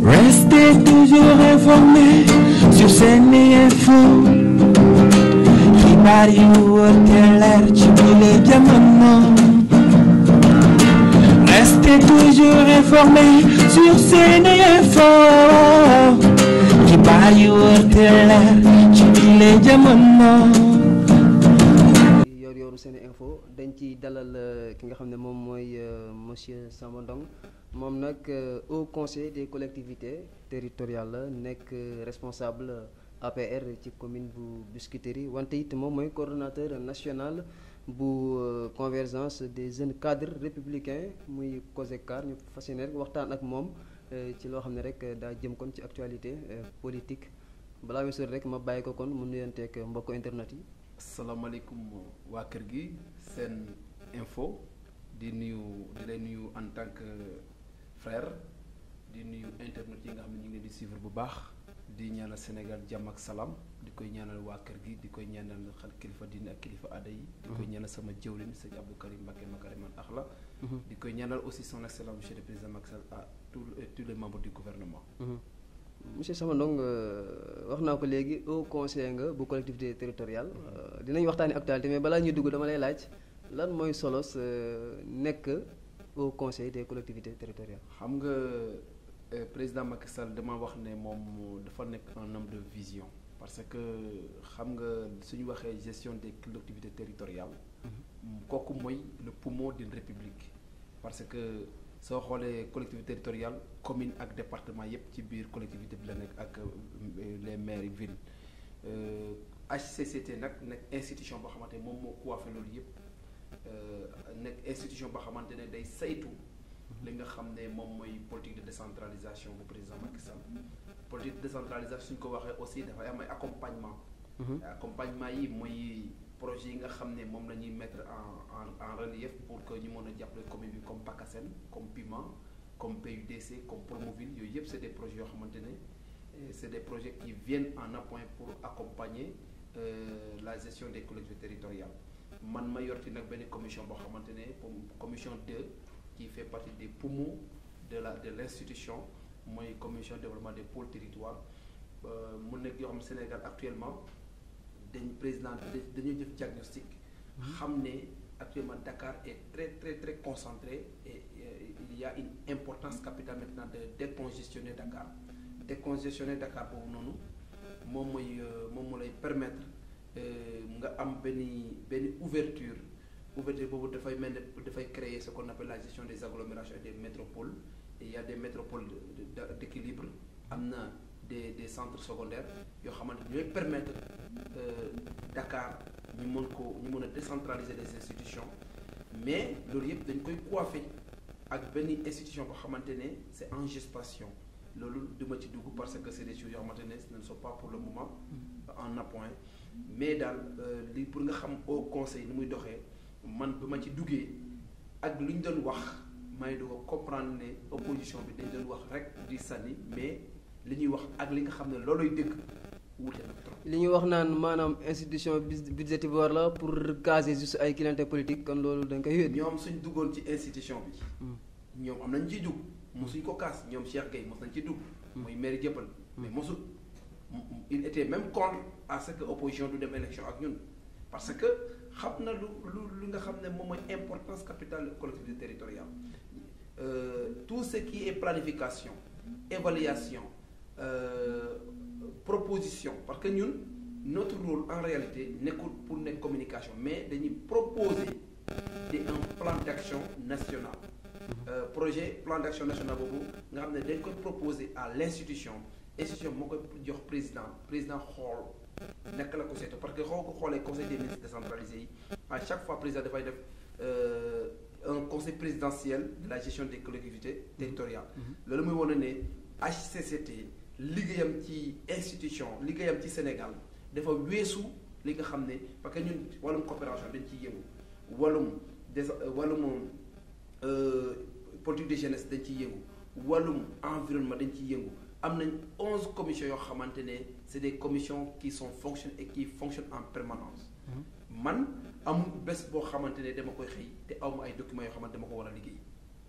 Restez toujours informés sur SeneInfo xibaar yu ci bile te leer ci bile jamono yor yoru SeneInfo dañ ci dalal euh, ki nga xam ne moom mooy euh, monsieur Samba Ndong moom nag euh, au conseil des collectivités territoriales la nekk responsable APR ci commune bu Biscuiterie wante it moom mooy coordonnateur national bu euh, convergence des jeunes cadres républicains muy COSECAR ñu fas waxtaan ak moom euh, ci loo xam ne rek daa jëm kon ci actualité politique balaa weesu rek ma bàyyi ko kon mu nuyanteeg mbokk internet yi. asalaamaaleykum waa kër gi seen info di nuyu di nuyu en tant que. frère di nuyu internet yi nga xam ne ñu ngi di suivre bu baax di ñaanal Sénégal jàmm ak salaam di koy ñaanal waa kër gi di koy ñaanal xel kilifa diine ak kilifa aada yi. di koy mhm. ñaanal sama jëwriñ sëñ Abdou Karim Mbacké mhm. di koy ñaanal aussi son excellence monsieur le président Macky Sall à tous tous les membres du gouvernement. Mhm. monsieur Samba Ndong euh, wax naa ko léegi au conseil nga bu collectivité territoriale euh, dinañ waxtaani actualité mais balaa ñuy dugg dama lay laaj lan mooy solos euh, nekk. au conseil des collectivités territoriales. xam nga euh, président Macky Sall dama wax ne moom dafa nekk un homme de vision parce que xam nga suñu waxee gestion des collectivités territoriales. Mhm. kooku mooy le poumon d'une république parce que soo xoolee collectivité territoriale commune ak département yépp ci biir collectivité bi la nekk ak euh, les maires villes HCCT euh, nag nekk institution boo xamante moom moo coiffé loolu yépp Euh, nekk institution boo xamante ne day saytu li nga xam ne moom mooy politique de décentralisation bu président Macky Sall politique de décentralisation suñ ko waxee aussi dafay am ay accompagnement mhm. accompagnement yi mooy projet yi nga xam ne moom la ñuy mettre en en relief pour que ñu mën a jàppale commune bi comme PACASEN comme PIMA comme PUDC comme Promoville yooyu yëpp c' est des projets yoo xamante ne euh, c' est des projets qui viennent en appoint pour accompagner euh, la gestion des collectivités territoriales man ma yorti nag benn commission boo xamante ne commission 2 qui fait partie des poumons de la de l' institution mooy commission développement des pôles territoires euh, mu nekk yoo xam Sénégal actuellement dañ président dañuy def diagnostic xam ne actuellement Dakar est très très très concentré et il ya a une importance capitale maintenant de décongestionner Dakar décongestionner Dakar boobu noonu moom mooy euh, moom mu lay permettre Euh, nga am benn benn ouverture ouverture boobu dafay mel ne dafay créer ce qu'on appelle la gestion des agglomérations des métropoles et il y de des métropoles am na des des centres secondaires yoo xamante ñooy permettre euh, Dakar ñu mën ko ñu mën a décentraliser les institutions mais loolu yëpp dañ koy coiffer ak benn institution boo xamante ne c'est en gestation loolu duma ci dugg parce que c'est des choses yoo xamante ne ne sont pas pour le moment mm. en appoint mais daal euh, li pour nga xam au conseil ni muy doxee man ba ma ci duggee ak lu ñu doon wax may doo comprendre ne opposition bi dañ doon wax rek di sànni mais li ñuy wax ak li nga xam ne loolu dëgg wuute na trop. li ñuy wax naan maanaam institution budgétivore la pour caser juste ay clientèle politique kon loolu dañ koy wéet. ñoom suñ duggoon ci institution bi. Hmm. ñoom am nañ ciy dugg. mosuñ ko kaas ñoom Cheikh Gueye mos nañ ci dugg. Hmm. mooy maire jëppal mais hmm. mosut. il était même contre à ce que opposition du dem élection ak ñun parce que xam na lu lu lu nga xam ne moom mooy importance capitale collectivité territoriale euh, tout ce qui est planification évaluation euh, proposition parce que ñun notre rôle en réalité nekkul pour nekk communication mais dañuy proposer di un plan d'action national euh, projet plan d'action national boobu nga xam ne dañ koy proposer à l'institution institution moo koy jox président président xool nekk la ko seetu parce que xoo xoolee conseil des ministres décentralisé yi à chaque fois président dafay def euh, un conseil présidentiel de la gestion des collectivités mhm. territoriales mhm. loolu muy wane ne HCCT liggéeyam ci institution liggéeyam ci Sénégal dafa weesu li nga xam ne parce que ñu wàllum coopération dañ ciy yëngu wàllum des wàllum euh, politique de jeunesse dañ ci yëngu wàllum environnement dañ ciy yëngu am nañ onze commissions yoo xamante ne c'est des commission qui sont fonction et qui fonctionnent en permanence mm-hmm. man amul bés boo xamante ne dama koy xëy te aw awma ay documents yoo xamante dama ko war a liggéey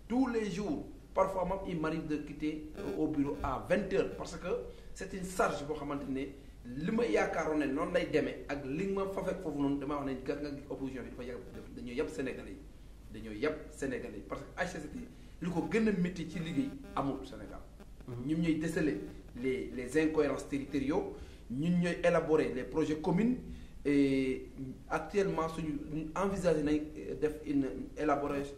tous les jours parfois moom il m'arrive de quitter au bureau à vingt heures parce que c'est une sarge boo xamante ne li ma yaakaaroon ne noonu lay demee ak li ma fa fekk foofu noonu damaa wax ne gàtt nga opposition bi dafa yàgg dañoo yàpp Sénégalais yi parce que HCCT li ko gën a ci liggéey amul Sénégal ñun ñooy déceler les les incohérences territoriaux ñun ñooy élaborer les projets communes et actuellement suñu envisager nañ euh, def une élaboration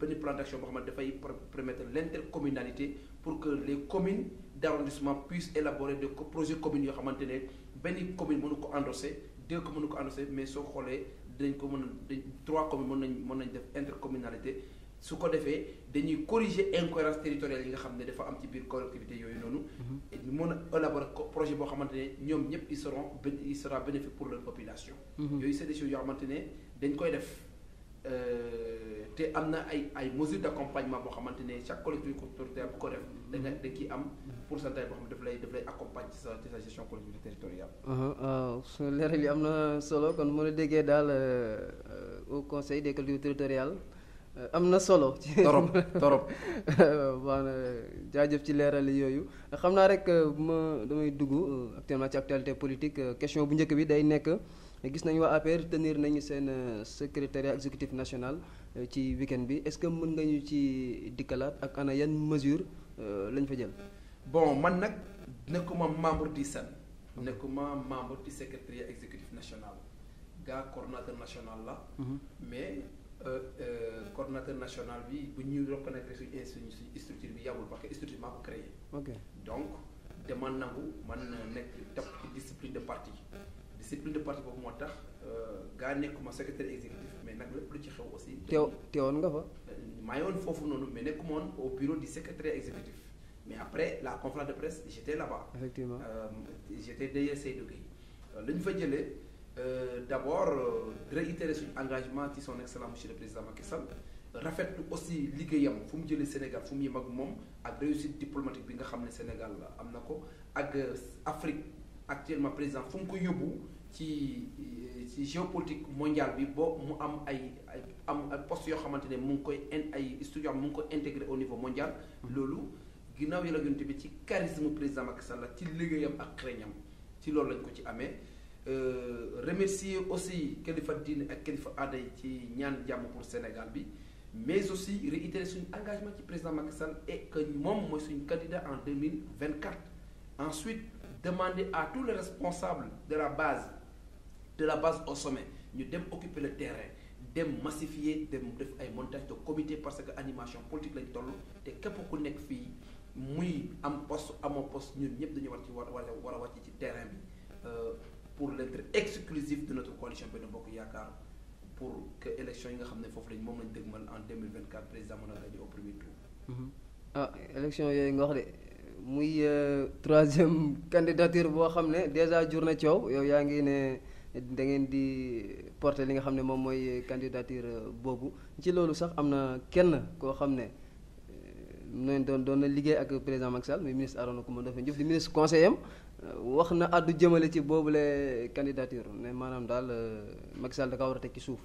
benn euh, plan d'action boo xamante dafay permettre l'intercommunalité pour que les communes d'arrondissement puissent élaborer des projets communes yoo xamante ne benn commune mënu ko endosser deux communes mënu ko endosser mais soo xoolee dinañ ko mën a trois communes mën nañ mën nañ def intercommunalité su ko defee dañuy corriger incohérence territoriale yi nga xam ne dafa am ci biir collectivité yooyu noonu. Mhm. ñu mën a élaborer projet boo xamante ne ñoom ñëpp ils seront il bénéfique pour leur population. Mhm. yooyu c'est des xamante ne dañ koy def euh, te am na ay ay mesures d'accompagnement boo xamante ne chaque collectivité territoriale bu ko def. da nga mhm. da ciy am pourcentage boo xam daf lay daf lay accompagner ci sa ci sa gestion collectivité territoriale. Uh-huh. waaw su yi am na solo kon mën déggee daal euh, euh, conseil des collectivités territoriales. Euh, am na solo. torop torop baax jaajëf ci leeral yooyu xam naa rek euh, ma damay dugg euh, actuellement ci actualité politique question bu njëkk bi day nekk gis nañu waa APR tenir nañu seen secrétariat exécutif national ci weekend bi est-ce que mën nga ñu ci dikkalaat ak ana yan mesure lañ fa jël. bon man nag nekkuma membre di SEN. nekkuma membre du secrétariat exécutif national. gaa coordonnateur national la. Mhm. mais. Euh, euh, coordonnateur national bi bu ñu reconnaître suñu suñu structure bi yàggul ba que structure maa ko créé. ok donc te man nangu man nekk topp ci discipline de parti. discipline de parti boobu moo tax euh, gaa nekkuma secrétaire exécutif mais nag lépp lu ci xew aussi. teew teewoon nga fa. maa yoon foofu noonu mais nekkuma woon au bureau du secrétaire exécutif mais après la conférence de presse j' étais là-bas. effectivement j' étais derrière fa jëlee. Euh, d' abord euh, réitérer suñu engagement ci son excellence monsieur le président Macky Sall rafetlu aussi liggéeyam fu mu jëlee Sénégal fu mu yem ak moom ak réussite diplomatique bi nga xam ne Sénégal am na ko ak euh, Afrique actuellement président fu mu ko yóbbu ci ci géopolitique mondial bi boo mu am ay ay am poste yoo xamante ne mu ngi koy in ay studio mu ngi koy intégré au niveau mondial. loolu ginnaaw yàlla yonent bi ci charisme président Macky Sall ci liggéeyam ak xereñam ci loolu lañ ko ci amee. Euh, remercier aussi kilifa diine ak kilifa aada yi ci ñaan jàmm pour Sénégal bi mais aussi réitérer suñu engagement ci président Macky Sall et que moom mooy suñu candidat en vingt 2024 ensuite demande à tous les responsables de la base de la base au sommet ñu dem occuper le terrain dem massifier dem def ay montage de comité parce que animation politique lañ toll te képp ku nekk fii muy am poste amoo poste ñun ñëpp dañu war ci war war a wàcc ci terrain bi euh, pour l'intérêt exclusif de notre coalition Benno Bokk Yaakaar pour que élection yi nga xam ne foofu lañu moom lañ dëgmal en 2024 président mën a gagné au mhm. ah, nga wax de muy euh, troisième candidature boo xam ne déjà jur na coow yow yaa ngi ne da ngeen di porter li nga xam ne moom mooy candidature euh, boobu ci loolu sax am na kenn koo xam ne. noonu euh, doon doon na liggéey ak président Macky Sall muy ministre Arona Coumba Ndoffène Diouf di ministre conseiller wax na àddu jëmale ci boobule candidature mais maanaam daal euh, Macky Sall da kaa war a teg ci suuf.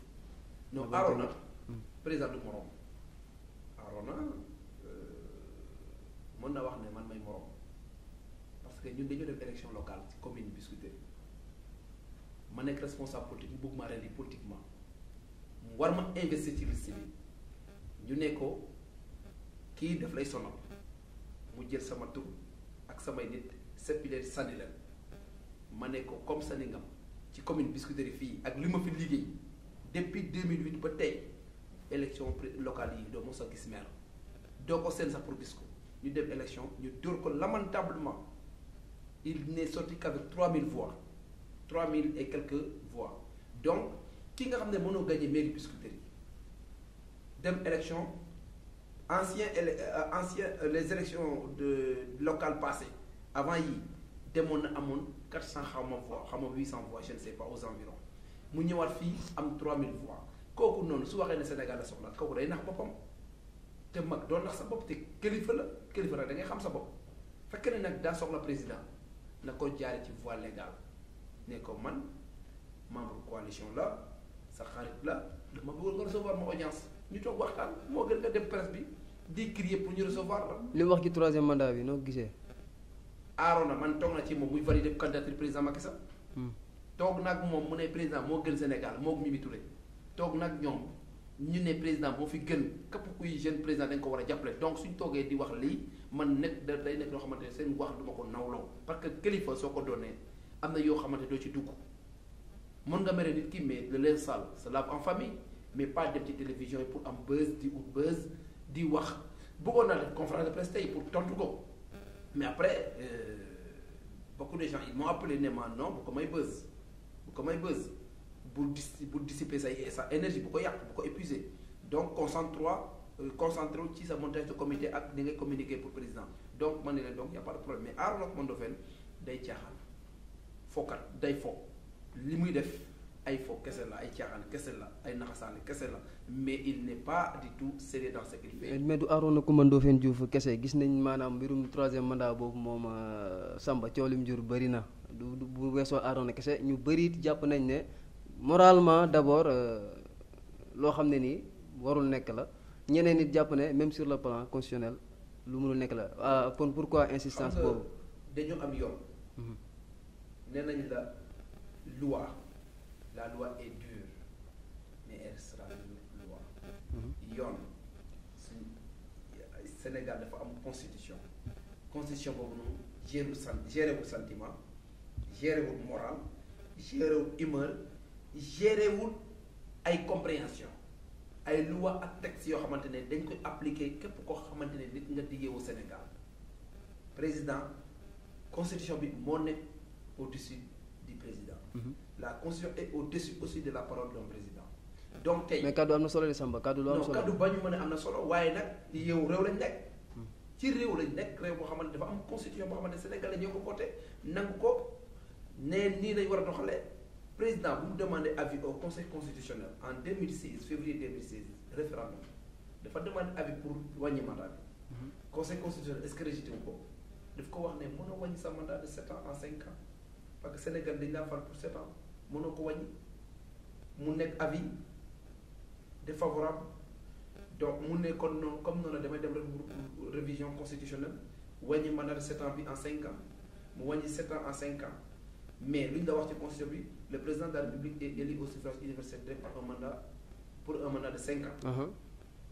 non aaroon na hmm. président du morom aaroon euh, mën na wax ne man may morom parce que ñun dañoo def élection locale ci commune Biscuiterie ma nekk responsable politique mu bëgg maa rëndi politiquement mu war ma investir ci liste bi ñu ne ko kii def lay sonal mu jël sama tur ak samay nit. seppi leen sànni leen ma ne ko comme sànni ngam ci commune Biscuiterie fii ak li ma fi liggéey depuis 2008 ba tey élection locale yi doo mos sa gis maire doo ko seen sa pour gis ko ñu dem élection ñu dóor ko lamentablement il n'est sorti qu'avec 3000 voix 3000 et quelques voix donc ki nga xam ne mënoo gagné mairie Biscuiterie dem élection ancien euh, ancien euh, les élections de locales passées avant yi demoon na amoon quatre cent xaw ma voix xaw ma huit cent voix je ne sais pas aux environs mu ñëwaat fii am trois mille voix kooku noonu su waxee ne Sénégal la soxla kooku day nax boppam te mag doon nax sa bopp te kilifa la kilifa nag da ngay xam sa bopp fekk ne nag daa soxla président na ko jaare ci voie légale ne ko man membre coalition la sa xarit la dama bëggoon nga recevoir ma audience ñu toog waxtaan moo gën nga dem presse bi di crier pour ñu recevoir la. li wax ci troisième noo gisee. na man toog na ci moom muy valider candidature président Macky Sall. Hmm. toog nag moom mu ne président moo gën Sénégal moo Mimi Touré toog nag ñoom ñu ne président moo fi gën képp kuy jeune président dañ ko war a jàppale donc suñ toogee di wax li man nekk da day nekk loo xamante ne seen wax du ma ko nawloo parce que kilifa soo ko donnee am na yoo xamante doo ci dugg mën nga mere nit ki mais le leen sale se lave en famille mais pas dem ci télévision yi pour am di ut buzz di wax bëggoon naa def conférence de pour tontu ko. mais après euh, beaucoup de gens ils m'ont appelé ne ma non bu ko may buzz bu ko may buzz bu dis bu dissiper sa sa énergie bu ko yàq bu ko épuiser donc concentre euh, concentré ci sa montage de comité ak ni ngay communiquer pour président donc man ni leen donc y' a pas de problème mais Arouna Mandofène day caaxaan fookat day fo li muy def. ay fo kese la ay caaxaan kese la ay naxasaane kese la mais il n'est pas du tout sérieux dans ce qu'il fait. Eh, mais du Arona Coumba Ndoffène Diouf kese gis nañ maanaam mbirum troisième mandat boobu moom euh, Samba coow lim jur bëri na du bu weesoo na kese ñu bëri jàpp nañ ne moralement d'abord euh, loo xam ne nii warul nekk la ñeneen nit jàpp ne même sur le plan constitutionnel lu mënul nekk la ah, kon pour insistance boobu. dañu am yoon. Mhm. nee nañ la loi est dure mais elle sera une loi. yoon suñ Sénégal dafa am constitution. constitution boobu noonu gérer sant gérer wul sentiment gérer wul moral gérer wul ay compréhension ay loi ak texte yoo xamante ne dañ koy appliquer képp koo xamante ne nit nga di yeewu Sénégal président constitution bi moo nekk au-dessus président. Mm-hmm. la constitution est au-dessus aussi de la parole d'un président. donc tey mais kaddu am na solo de Samba kaddu lu am a am na solo waaye nag yow réew lañ nekk. Hmm. ci réew lañ nekk moo boo xamante dafa am constitution boo xamante ne Sénégalais ñoo ko voté nangu ko ne nii lañ war a doxalee président bu mu avis au conseil constitutionnel en 2006 février 2006 référendum dafa demandé avis pour wàññi mandat bi. Hmm. conseil constitutionnel est-ce que ko daf ko wax ne mën a wàññi sa mandat de sept en cinq ans parce Sénégal dañ laa fal pour mënoo ko wañ mu nekk avis défavorable donc mu ne kon noonu comme noonu la damay dem rek révision constitutionnelle wàññi mandat de sept ans bi en cinq ans mu wàññi sept ans en cinq ans mais lu ñu la wax ci constitution bi le président de la république est élu au suffrage universel par un mandat pour un mandat de cinq ans. Uh-huh.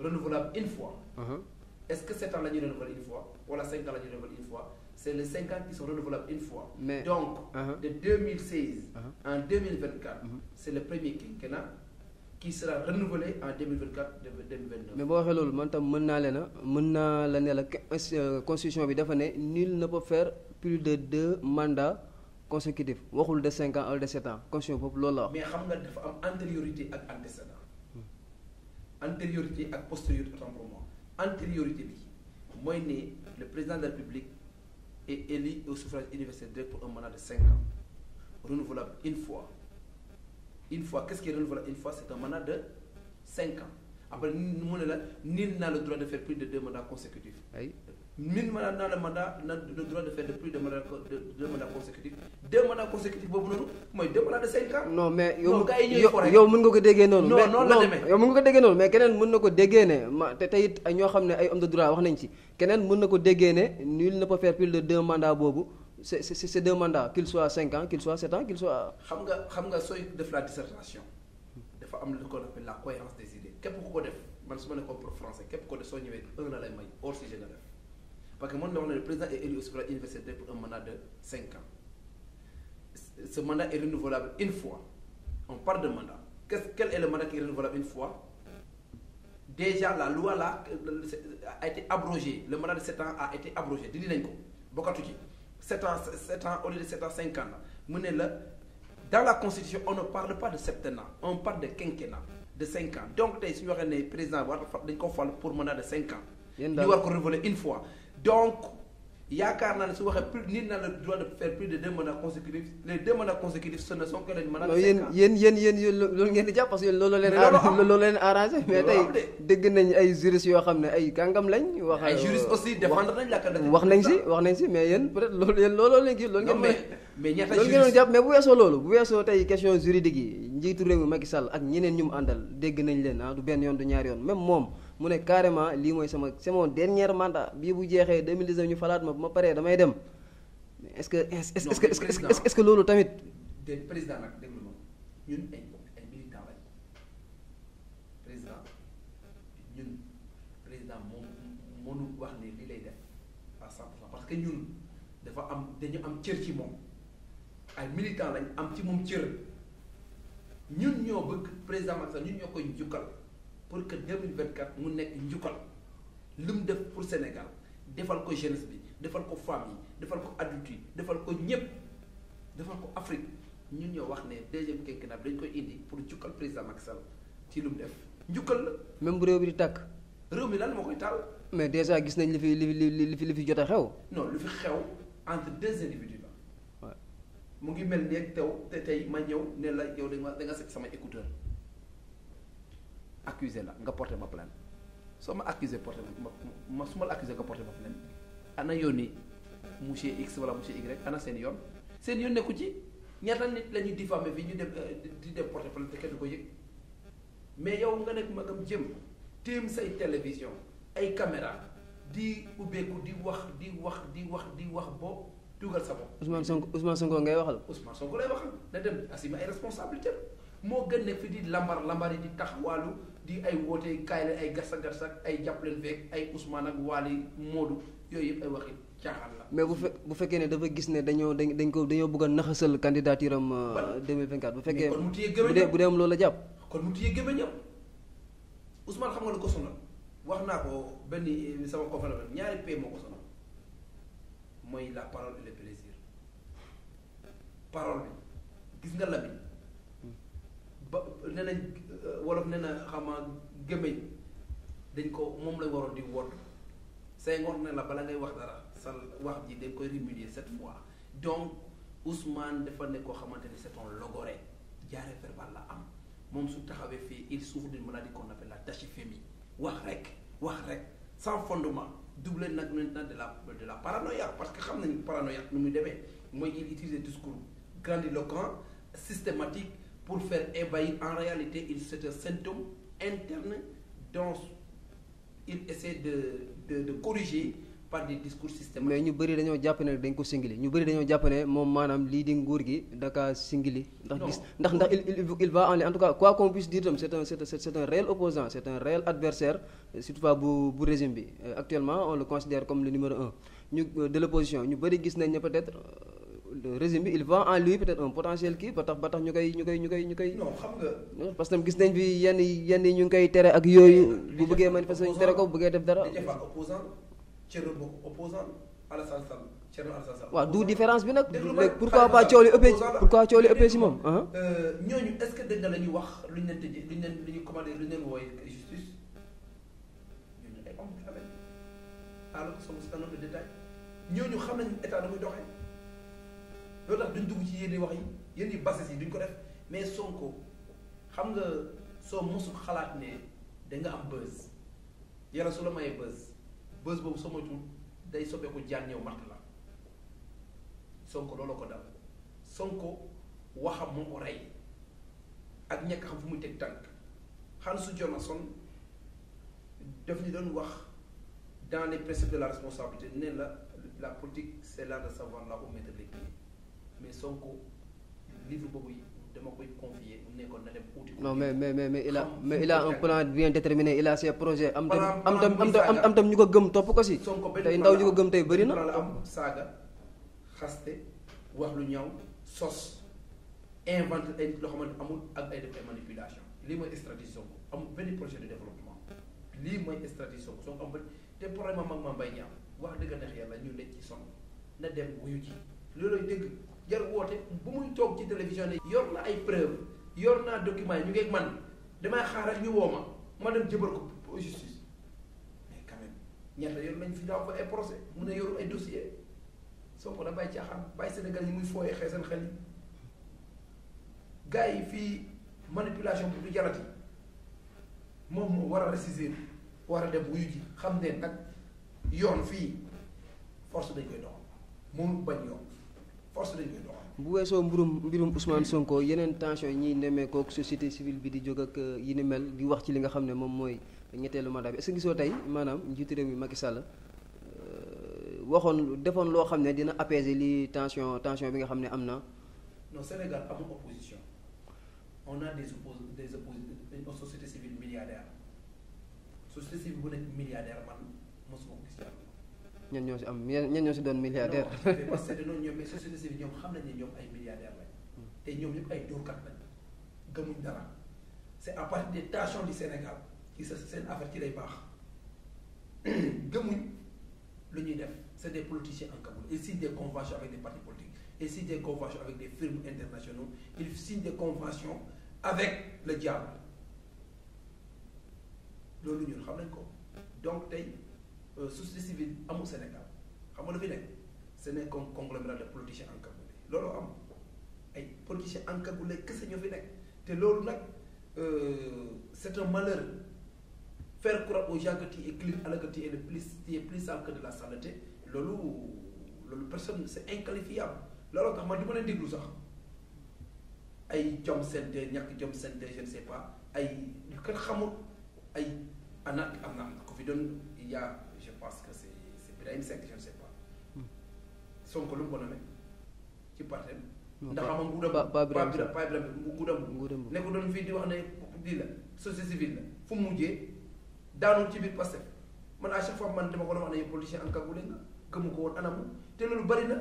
renouvelable une fois. Uh-huh. est-ce que sept ans la ñuy renouveler une fois wala cinq ans la ñuy renouveler une fois. c'est les cinquante qui sont renouvelables une fois. Mais, donc. Uh de deux seize. Uh-huh. en deux mille vingt quatre. Uh-huh. c'est le premier quinquennat qui sera renouvelé en deux mille vingt quatre deux mille mais boo waxee loolu man mën naa leen mën naa la ne la euh, constitution bi dafa ne nul ne peut faire plus de deux mandats consécutifs waxul de cinq ans de sept ans constitution boobu loolu la wax. mais xam nga dafa am antériorité ak antécédent. antériorité ak postériorité président de est élu au suffrage universel direct pour un mandat de 5 ans, renouvelable une fois. Une fois, qu'est-ce qui est renouvelable une fois C'est un mandat de 5 ans. Après, nous, nous, nul n'a le droit de faire plus de deux mandats consécutifs. Oui. mille mandats dans le mandat na le droit de faire de plus de mandat de deux mandats consécutifs deux mandats boobu noonu mooy deux mandats de cinq ans. non mais yow yow nga ko déggee noonu. non noonu la demee yow mën nga ko déggee noonu mais keneen mën na ko déggee ne ma te tey it ñoo xam ne ay hommes de droit wax nañ ci keneen mën na ko déggee ne nul ne peut faire plus de deux mandats boobu c'est c'est deux mandats qu'il soit ans qu'il soit ans qu'il soit. xam nga xam nga am lu ko képp ko def man su ma nekkoon pour français soo ñëwee un la parce que mën na wax ne le président est élu au suffrage universel pour un mandat de cinq ans ce mandat est renouvelable une fois on parle de mandat qu'est-ce quel est le mandat qui renouvelable une fois déjà la loi la a été abrogée le mandat de sept ans a été abrogé dindi nañ ko bokkatu ci sept ans sept ans au lieu de sept ans cinq ans la mu ne la dans la constitution on ne parle pas de septennat on parle de quinquennat de cinq ans donc tey su ñu waxee ne président war dañ ko pour mandat de cinq une fois. donc yaakaar naa ne su waxee plus nit na la de faire plus de deux mandats consécutifs les deux mandats consécutifs ce ngeen di jàpp parce que loolu leen. leen arrangé mais tey dégg nañ ay juristes yoo xam ne ay kàngam lañ. wax ay juristes aussi défendre nañ wax nañ si wax nañ si mais yéen peut être loolu yéen loolu leen kii loolu ngeen. mais mais ngeen doon jàpp mais bu weesoo loolu bu weesoo tey question juridique yi njiitu réew mi Macky Sall ak ñeneen ñu mu àndal dégg nañ leen ah du benn yoon du ñaari yoon même moom mu ne carrément lii mooy sama c'est mon dernier mandat bii bu jeexee demiliser ñu falaat ma bu ma paree damay dem est-ce que est-ce que est que loolu tamit. déedéet président nag déglu ma ñun ay ay militant lañ moom wax ne lii parce que ñun dafa am dañu am cër ci moom ay militant lañ am ci moom cër ñun ñoo bëgg président Macky Sall ñun ñoo koy jukkal. pour que 2024 mu nekk njukkal lu mu def pour Sénégal defal ko jeunesse bi defal ko femme yi defal ko adulte yi defal ko ñëpp defal ko Afrique ñun ñëw wax ne deuxième quinquennat dañ koy indi pour njukkal président Macky Sall ci lu mu def njukkal la. même bu bi di tàkk. réew mi lan moo koy taal. mais déjà gis nañ li fi li fi li fi li fi jot a xew. non lu fi xew entre deux individus la. waaw mu ngi mel ni tew te tey ma ñëw ne la yow da nga da nga sekk sama écouteur. accuser la nga porté ma plainte soo ma accusé porté ma ma la accusé nga porté ma plainte ana yónni monsieur X wala monsieur Y ana seen yoon seen yoon nekku ci ñaata nit la ñuy diffamé fii ñu dem euh, di def porté plainte te kenn ko yëg mais yow nga nekk magam jëm téem say télévision ay caméra di ubbeeku di wax di wax di wax di wax boo dugal sa bopp. Ousmane Sonko Ousmane Sonko ngay waxal. Ousmane Sonko lay waxal na dem assumer ay responsabilités moo gën ne fi di lambar lambar yi di taxawaalu. di ay wootee kaay leen ay garsa garsa ay jàppaleen feek ay Ousmane ak Waly moodu yooyu yëpp ay waxi caaxaan la. mais bu bu fekkee ne dafa gis ne dañoo dañ dañ ko dañoo bëgg a naxasal candidature am. 2024 euh, bu fekkee kon mu téye gëmëñam bu dee bu dee am loolu la jàpp. kon mu téye gëmëñam Ousmane xam nga lu ko sonal wax naa ko benn euh, sama conférence ñaari pay moo ko sonal mooy la parole et le plaisir parole bi gis nga Lamine. ba nee nañ euh, wolof nee na xam nga gémmiñ dañ ko moom lay waroon di wodd say ngor ne la bala ngay wax dara sa wax ji dañ koy remuer cette fois donc Ousmane dafa ne koo xamante ni c'est un logoré jaaree verbal la am moom su taxawee fii il souffre d'une maladie qu'on appelle la tachyphémie wax rek wax rek sans fondement doublé nag maintenant de la de la paranoïa parce que xam nañu paranoïa nu muy demee mooy il utilise discours grandiloquent systématique pour faire ébahir, en réalité, c'est un symptôme interne dont il essaie de, de, de corriger par des discours systématiques. mais ñu bëri dañoo jàpp ne dañ ko singili ñu bëri dañoo jàpp ne moom maanaam lii di nguur gi da kaa singili. ndax gis ndax ndax il il va en en tout cas quoi qu'on puisse dire tam c'est un c'est un c'est un réel opposant c'est un réel adversaire surtout bu bu régime bi euh, actuellement on le considère comme le numéro un ñu euh, de l'opposition ñu bëri gis nañ le régime bi il voit en lui peut-être un kii ba tax ba tax ñu koy ñu koy ñu koy ñu koy. que gis nañ fi yenn yenn ñu ngi koy tere ak yooyu. bu bëggee manifester ñu tere ko bu bëggee def dara. waaw du différence bi nag. léegi pourquoi pas coow li ëppee pourquoi coow li ëppee si moom. Euh, ñooñu est-ce que dégg nga la ñuy wax lu ñu leen tëjee lu ñu leen lu ñu commandé lu ñu leen wooyee justice ñooñu ay hommes avec alors que sommes un homme de détail ñooñu xam nañ état da muy doxee. loolu tax duñ dugg ci yenn wax yi yenn yi bases yi duñ ko def mais Sonko xam nga soo mosul xalaat ne da nga am buzz yàlla su la mayee buzz buzz boobu soo moytuwul day soppeeku jaan ñëw màtt la Sonko loolu ko dal Sonko waxam moom ko rey ak ñàkk xam fu muy teg tànk Hansu Johnson def ñu doon wax dans les principes de la responsabilité nee la la politique c'est l'art de savoir là où mais Sonko livre boobu dama koy confier mu nekkoon na dem mais mais mais il mais il a un plan bien déterminé il a ses am tam am tam am tam ñu ko gëm topp ko si. tey ndaw ñu ko gëm tey bëri na. la am saaga xaste wax lu ñaaw sos inventé ay loo xamante amul ak ay def ay manipulation lii mooy stratégie Sonko amul benn projet de développement lii mooy stratégie Sonko Sonko am ba te problème am ak Mame Mbaye Niang wax dëgg neex yàlla ñu ne ci sonn na dem wuyu ci loolooy dëgg. jar woote bu muy toog ci télévision ne yor na ay preuve yor naa document yi ñu man damay xaaral ñu woo ma ma dem jëbal ko justice mais nañ fi daaw ko ay procès mun a yor ay dossier soo ko na bàyyi caaxaan bàyyi Sénégal yi muy fooyee xee seen xel yi fii manipulation bi du jarati moom war a réciser war a dem wuyu xam ne nag yoon fii force dañ koy doxal mënul bañ yoon force bu weesoo mbirum mbirum Ousmane Sonko yeneen tension yi ñuy nemmeekoo ak société bi di jóg ak euh, yi ni mel di wax ci li nga xam ne moom mooy ñetteelu mandat bi est-ce que gisoo tey maanaam njiitu réew mi Macky Sall euh, waxoon defoon loo xam ne dina apaiser li tension tension bi nga xam ne am na. non Sénégal amul opposition on a des oppos des oppositions société civile milliardaire société civile bu nekk milliardaire man ñan ñoo si am ñan ñoo si doon milliardaire. parce que noonu ñoom mais société civile ñoom xam nañ ne ñoom ay milliardaire lañ. Hmm. te ñoom ñëpp ay dóorkat lañ gëmuñ dara c' est à partir des tensions du Sénégal ki sa seen affaire ci lay baax gëmuñ lu ñuy def c' est des politiciens en cagoule ils signent des conventions avec des partis politiques ils signent des conventions avec des firmes internationaux ils signent des conventions avec le diable loolu ñun xam nañ ko donc tey. Euh, société civile amul Sénégal xam nga lu fi nekk ce n'est qu'un conglomérat de politiciens encagoulés looloo am ay bu encagoulés kese ñoo fi nekk te loolu nag euh, c'est un malheur faire croire aux gens que tu es clean alors que tu es le plus tu es plus sale que de la saleté loolu loolu personne c'est inqualifiable looloo man du ma leen déglu sax ay jom sente ñàkk jom sente je ne sais pas ay ñu kenn xamul ay ana am na am na ko fi doon yaa pense que c'est lu mu ko nommé ci partem ndax xam nga nguuram Pa nguuram ne ko doon fii di wax ne lii la société civile la fu mu mujjee daanu ci biir Pastef man à chaque fois man dama ko doon wax ne yow politicien encagoulé nga gëmu ko woon anam te loolu bari na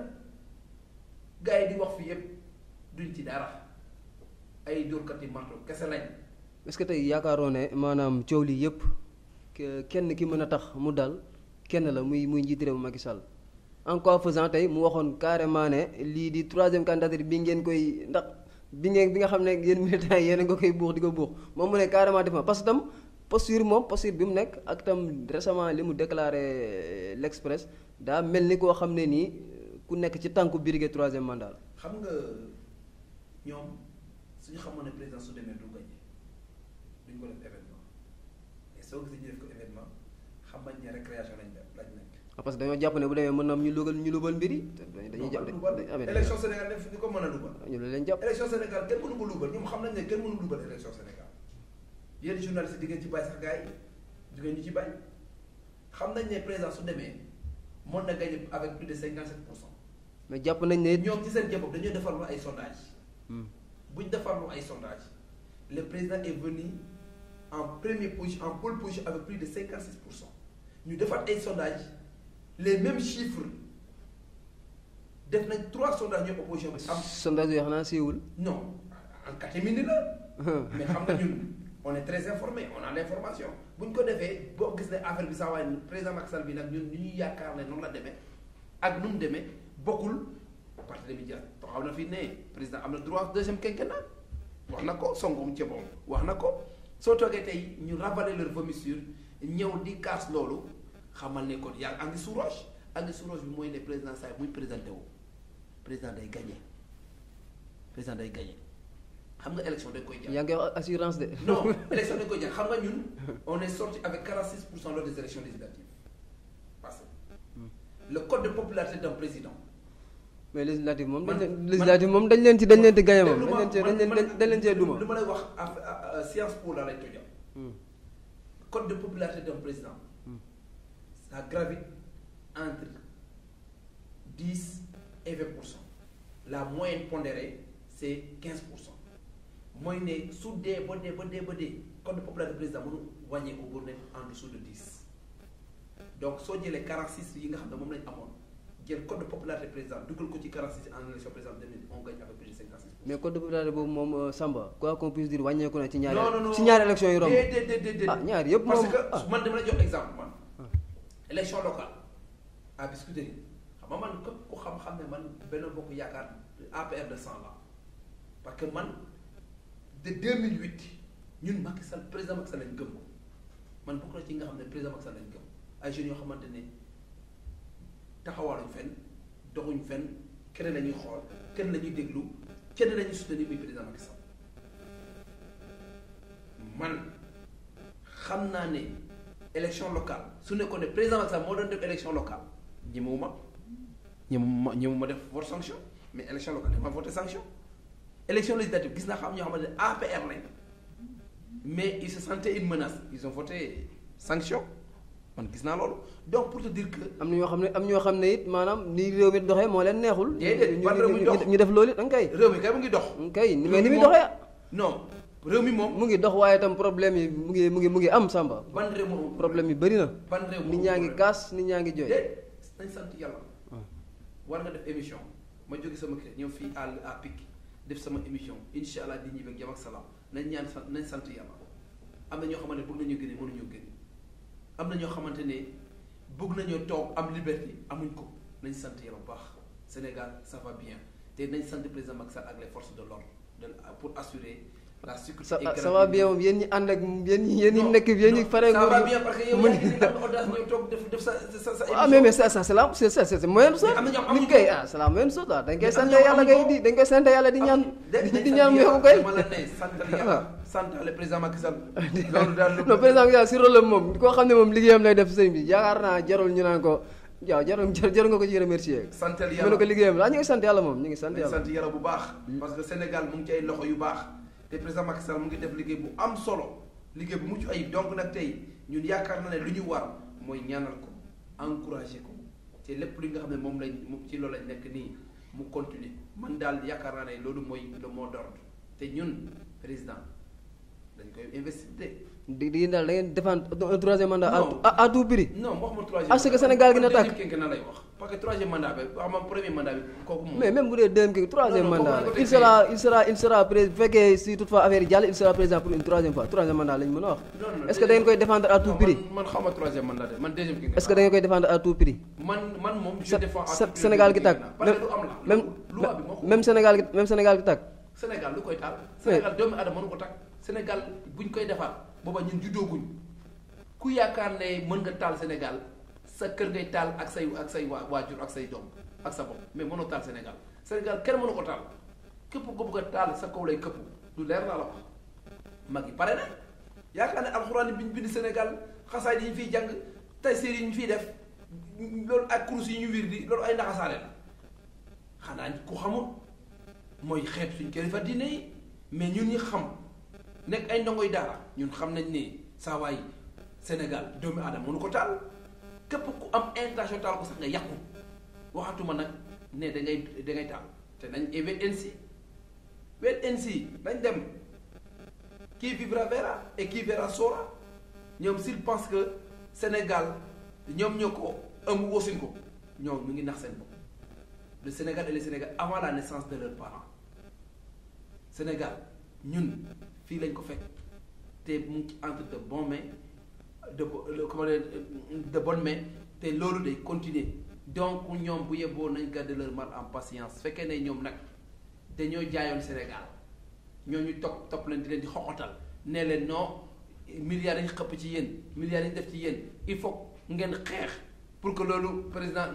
gars yi di wax fii yëpp duñ ci dara ay dóorkat marto kese lañ. est que tey yaakaaroo ne maanaam coow lii yëpp kenn ki mën a tax mu dal. kenn la muy muy njiit mu Macky Sall en quoi tey mu waxoon carrément ne lii di troisième candidature bi ngeen koy ndax bi ngeen bi nga xam ne yéen militants yéen a nga koy buux di ko buux moom mu ne carrément def ma parce que tam posture moom posture bi mu nekk ak tam récemment li mu déclaré euh, l'Express daa mel ni koo xam ne nii ku nekk ci tànku briguer troisième mandat la. xam nga ñoom suñu xamoon ne président su demee du gagné duñ ko def événement xam nañ ne récréation lañ def lañ ah, dañoo jàpp ne bu demee mën na am ñu lugal ñu lubal mbir yi. dañuy jàpp ne élection Sénégal def ñu ko mën a lubal. Ah, ñu lu leen jàpp nañ ne kenn mënu lubal ci bàyyi sax gars yi di ñu ci bàyyi xam nañ ne président su demee mën na gagné avec plus de cinquante sept pour cent. mais jàpp nañ ne. ñoom ci seen jëmm dañoo defarlu ay sondage hmm. bu ñu defarlu ay sondage le président est venu en première position en pole position avec plus de cinquante six pour ñu defaat ay sondage les mêmes chiffres def nañ trois sondages ñoom opposition bi am. sondage yoo xam ne siiwul. non en catimini la. mais xam nga ñun on est très informé on a l' information bu ko defee boo gis ne affaire bi saa waaye président Macky Sall bi nag ñun ñu ñuy yaakaar ne noonu la demee ak nu mu demee bokkul Barthélémy Dias taxaw na fi ne président am na droit deuxième quinquennat wax na ko songum ceeboom wax na ko soo toogee tey ñu ravaler leur vomissure ñëw di kaas loolu xamal ne kon yaa ngi sous roche angi sous roche bi mooy ne président saa muy présenté wu président day gagné président day gagné xam nga élection dañ koy jaar. yaa ngi wax assurance de. non élection dañ koy jaar xam nga ñun on est sorti avec 46 pour cent lors des élections législatives parce que le code de popularité d'un président. mais législative moom dañ leen législative dañ leen ci dañ leen di gagné moom dañ leen ci dañ leen dañ leen cee duma. lu ma lay wax science pour la lay tojjal. cote de popularité d'un président hmm. ça gravite entre dix et vingt pour cent la moyenne pondérée c'est quinze pour cent mooy ne su dee ba dee ba dee ba dee cote de popularité président mënu wàññeeku bu nekk en dessous de dix donc soo jëlee quarante six yi nga xam ne moom lañ amoon jël code de popularité président dugal ko ci 46 en élection présidentielle 2000 on gagne avec plus de 56. mais code de boobu moom euh, Samba quoi qu'on puisse dire wàññeeku na ci ñaari. non non non ci ñaari élections yu ah ñaari yëpp moom parce que ah. man dama la jox exemple man. Ah. élection locale à Biscuiterie xam man ku xam-xam ne man benn Bokk Yaakaar APR de 100 parce que man de 2008 ñun Macky Sall président Macky Sall lañ gëm man bokk na ci nga xam ne président Macky Sall lañ xamante ne. taxawaaluñ fenn doxuñ fenn kenn lañuy xool kenn lañuy déglu kenn lañuy soutenir muy président Macky Sall man xam naa ne élection locale su nekkoon ne président Macky Sall moo doon def élection locale ñemewu ma ñemewu ma ñemewu ma def vote sanction mais élection locale dama voté sanction élection législative gis naa xam ñoo xamante ne APR lañ mais ils se sentaient une menace ils ont voté sanction man gis naa loolu donc pour te dire que. am na ñoo xam ne am ñoo xam ne it maanaam ni réew mi doxee moo leen neexul. déedéet ban réew ñu def loolu it da koy. réew mi kay mu ngi dox. kay mais mi moom. mu ngi dox waaye itam problème yi mu ngi mu ngi mu ngi am Samba. ban réew problème yi bëri na. ban réew nit ñaa ngi kaas nit ñaa ngi jooy. déet nañ sant yàlla. Ah. war nga def émission ma jóge sama kër ñëw fii àll à def sama émission incha allah di ñibbi ak jàmm ak salaam nañ ñaan sant nañ sant yàlla am na ñoo xam ne bëgg nañu gën mënuñu gën am na ñoo xamante ne bëgg nañoo toog am liberté amuñ ko nañ sant yàlla bu baax Sénégal ça va bien te nañ sant président Macky Sall ak les forces de l'ordre de pour assurer la sécurité ça, ça va bien moom yéen ñi ànd ak yéen ñi yéen ñi nekk yéen ñi pare. ça va bien mu yokku ah. ko. liggéeyam laa ah, ñu ngi sant yàlla moom ñu ngi sant yàlla. bu baax. parce que Sénégal mu ngi loxo yu baax te président Macky Sall mu ngi def liggéey mu am solo liggéey bu mucc ay donc nag tey ñun yaakaar na ne lu ñu war mooy ñaanal ko encouragé ko ci lépp li nga xam ne moom lañ moom ci loolu lañ nekk nii mu continuer man daal yaakaar naa ne loolu mooy le moo d'ordre te ñun président dañ koy investir. di di daal da ngeen défendre un a mandat. à tout prix. non waxuma troisième mandat parce que Sénégal gi na tàkk. lay wax. parce que troisième mandat bi wax ma premier mandat bi kooku moom. mais même bu dee deuxième kii troisième mandat il sera il sera il sera pré bu fekkee si toutefois affaire yi jàll il sera président pour une troisième fois troisième mandat lañ mën a wax. est-ce que da ngeen koy défendre à tout prix. man man xaw ma troisième mandat de man deuxième kii. est-ce que da ngeen koy défendre à tout prix. man man moom je défends à tout prix Sénégal gi tàkk. même même Sénégal gi même Sénégal gi tàkk. Sénégal lu koy taal. Sénégal doomu aadama mënu ko tàkk. Sénégal buñ koy defar booba ñun juddooguñ ku yaakaar ne mën nga taal Sénégal sa kër ngay taal ak say ak waa waajur ak say doom ak sa bopp mais mënoo taal Sénégal Sénégal kenn mënu ko taal képp ko bëgg a taal sa kaw lay këpp du leer naa la ko mag yi pare na yaakaar ne alxuraan bi ñu bind Sénégal xasaay yi jàng tey ñu fiy def loolu ak kurus yi ñu wir di loolu ay naxasaale la xanaa ku xamul mooy xeet suñ kilifa diine yi mais ñun ñi xam nekk ay ndongoy daara ñun xam nañ ne saa waay Sénégal doomi aadama mënu ko taal. képp ku am intention taal ko sax nga yàqu waxatuma nag ne da ngay da ngay taal te nañ wait and see wait and see dem qui vivra verra et qui verra saura ñoom s'il pense que Sénégal ñoom ñoo ko ëmb wosin ko ñoom ñu ngi nax seen bopp le Sénégal et le Sénégal avant la naissance de leurs parents Sénégal ñun fii lañ ko fekk te mu ngi entre de bons de comment dire de bonne mais te loolu day continuer donc ñoom bu yeboo nañ garder leur mal en patience fekkee ne ñoom nag dañoo jaayoon Sénégal ñooñu topp topp leen di leen di xoxotal nee leen non milliards yi xëpp ci yéen milliards yi def ci yéen il faut ngeen xeex pour que loolu président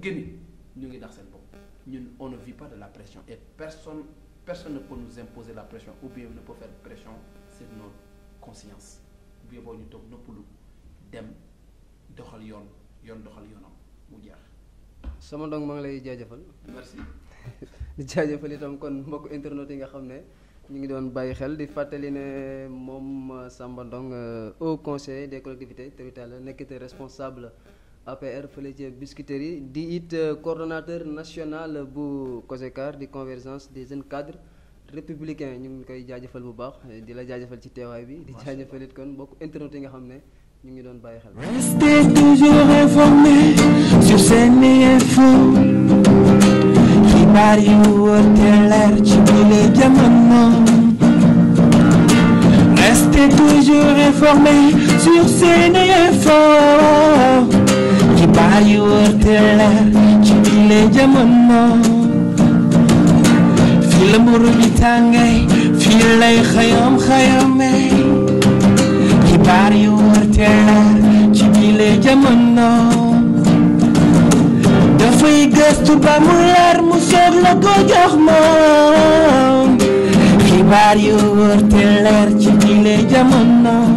génni ñu ngi dax seen bopp ñun on ne vit pas de la pression et personne personne ne nous imposer la pression ou bien ne peut faire pression seen notre conscience bu yeboo ñu toog noppalu dem doxal yoon yoon doxal yoonam mu jeex. sama ndong maa ngi lay jaajëfal. merci. itam kon mbokk internet yi nga xam ne. ñu ngi doon bàyyi xel di fàttali ne moom Samba Ndong euh, haut conseiller des collectivités territoriales nekkite responsable APR fële ci Biscuiterie di it euh, coordonnateur national bu COSECAR di convergence des jeunes cadres républicain ñu ngi koy jaajëfal bu baax di la jaajëfal ci teewaay bi di jaajëfal it kon mbokk internet yi nga xam ne ñu ngi doon bàyyi xel. Restez toujours informés sur SeneInfo xibaar yu wóor te leer ci bile jamono Restez toujours informés sur SeneInfo xibaar yu wóor te leer ci bile jamono ci la mburu bi tàngee fii lay xayam xayamee xibaar yu war te leer ci bile jamono dafay gëstu ba mu leer mu soog la ko jox moom xibaar yu war te leer ci bile jamono